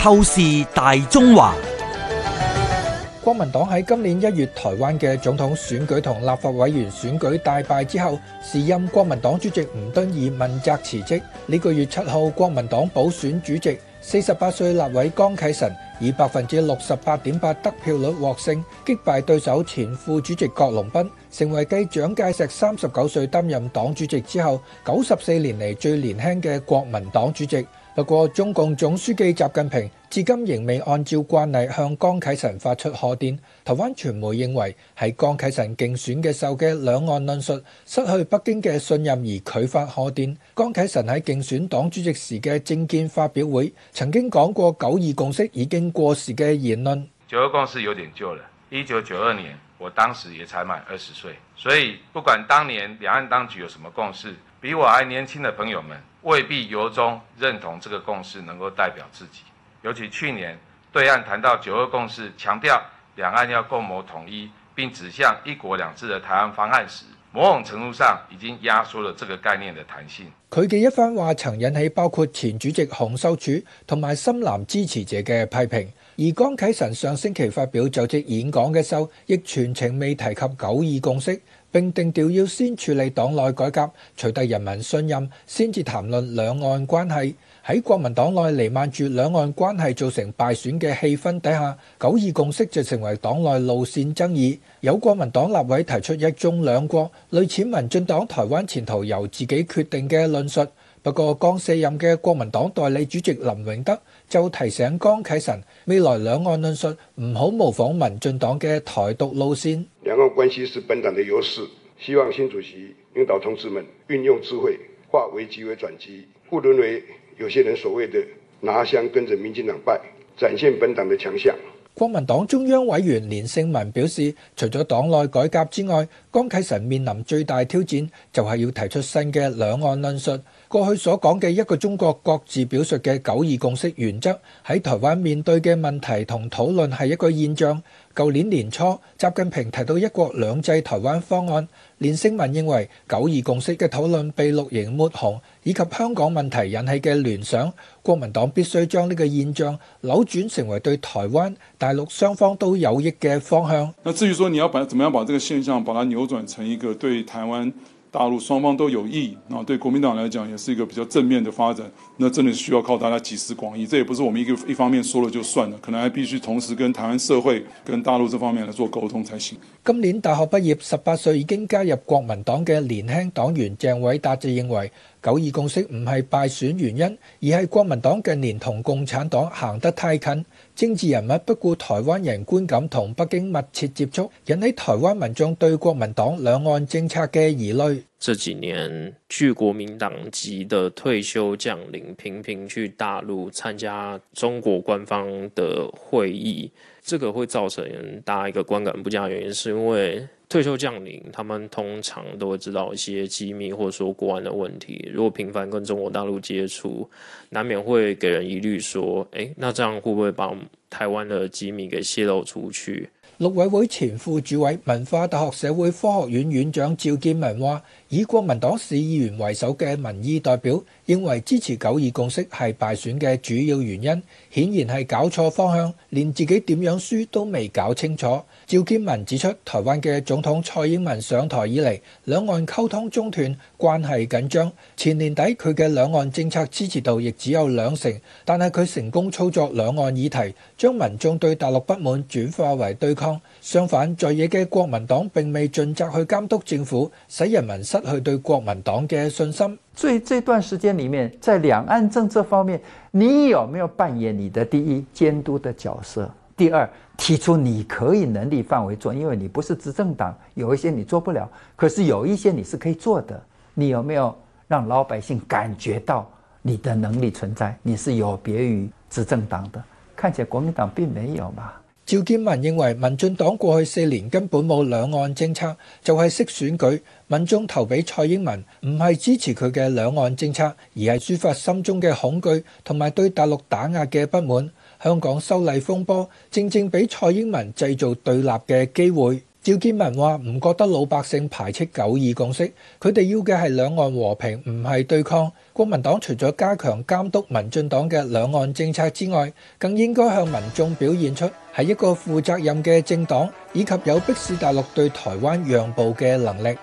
透視大中華。國民黨喺今年一月台灣嘅總統選舉同立法委員選舉大敗之後，時任國民黨主席吳敦義問責辭職。呢個月七號，國民黨補選主席，四十八歲立委江啟臣以百分之六十八點八得票率獲勝，擊敗對手前副主席郝龍斌，成為繼蔣介石三十九歲擔任黨主席之後九十四年嚟最年輕嘅國民黨主席。不過，中共總書記習近平至今仍未按照慣例向江啟臣發出賀電。台灣傳媒認為，係江啟臣競選嘅時候嘅兩岸論述失去北京嘅信任，而拒發賀電。江啟臣喺競選黨主席時嘅政見發表會，曾經講過九二共識已經過時嘅言論。九二共識有點舊了。一九九二年，我當時也才滿二十歲，所以不管當年兩岸當局有什麼共識。比我還年輕的朋友們未必由衷認同這個共識能夠代表自己，尤其去年對岸談到九二共識，強調兩岸要共謀統一，並指向一國兩制的台灣方案時，某種程度上已經壓縮了這個概念的彈性。佢嘅一番話曾引起包括前主席洪秀柱同埋深藍支持者嘅批評。而江啟臣上星期發表就職演講嘅時候，亦全程未提及九二共識，並定調要先處理黨內改革，取得人民信任，先至談論兩岸關係。喺國民黨內彌漫住兩岸關係造成敗選嘅氣氛底下，九二共識就成為黨內路線爭議。有國民黨立委提出一中兩國，類似民進黨台灣前途由自己決定嘅論述。不過，剛卸任嘅國民黨代理主席林榮德就提醒江啟臣，未來兩岸論述唔好模仿民進黨嘅台獨路線。兩岸關係是本黨的優勢，希望新主席領導同志們運用智慧，化危機為轉機，不淪為有些人所謂的拿香跟着民進黨拜，展現本黨的強項。國民黨中央委員連勝文表示，除咗黨內改革之外，江啟臣面臨最大挑戰就係要提出新嘅兩岸論述。過去所講嘅一個中國各自表述嘅九二共識原則，喺台灣面對嘅問題同討論係一個現象。舊年年初，習近平提到一國兩制台灣方案，連勝文認為九二共識嘅討論被綠營抹紅，以及香港問題引起嘅聯想，國民黨必須將呢個現象扭轉成為對台灣、大陸雙方都有益嘅方向。那至於說你要把怎麼樣把這個現象，把它扭轉成一個對台灣、大陸雙方都有益，啊，對國民黨來講，也是一個比較正面的發展。那真的需要靠大家集思廣益，這也不是我們一個一方面說了就算了，可能還必須同時跟台灣社會、跟大陸這方面來做溝通才行。今年大學畢業，十八歲已經加入國民黨嘅年輕黨員鄭偉達就認為。九二共識唔係敗選原因，而係國民黨近年同共產黨行得太近，政治人物不顧台灣人觀感同北京密切接觸，引起台灣民眾對國民黨兩岸政策嘅疑慮。這幾年，據國民黨籍的退休將領頻頻去大陸參加中國官方的會議，這個會造成大家一個觀感不佳嘅原因係因為，退休將領，他們通常都會知道一些機密或者說國安的問題。如果頻繁跟中國大陸接觸，難免會給人疑慮，說：誒、欸，那這樣會不會把台灣的機密給洩露出去？陸委會前副主委、文化大學社會科學院院長趙建文話：以國民黨市議員為首嘅民意代表認為，支持九二共識係敗選嘅主要原因，顯然係搞錯方向，連自己點樣輸都未搞清楚。趙建民指出，台灣嘅總統蔡英文上台以嚟，兩岸溝通中斷，關係緊張。前年底佢嘅兩岸政策支持度亦只有兩成，但係佢成功操作兩岸議題，將民眾對大陸不滿轉化為對抗。相反，在野嘅國民黨並未盡責去監督政府，使人民失去對國民黨嘅信心。所以這段時間裏面，在兩岸政策方面，你有沒有扮演你的第一監督的角色？第二，提出你可以能力範圍做，因為你不是執政黨，有一些你做不了，可是有一些你是可以做的。你有沒有讓老百姓感覺到你的能力存在？你是有別於執政黨的？看起來國民黨並沒有嘛？趙建文認為，民進黨過去四年根本冇兩岸政策，就係識選舉，民眾投俾蔡英文，唔係支持佢嘅兩岸政策，而係抒發心中嘅恐懼同埋對大陸打壓嘅不滿。香港修例風波正正俾蔡英文製造對立嘅機會，趙建文話唔覺得老百姓排斥九二共識，佢哋要嘅係兩岸和平，唔係對抗。國民黨除咗加強監督民進黨嘅兩岸政策之外，更應該向民眾表現出係一個負責任嘅政黨，以及有逼使大陸對台灣讓步嘅能力。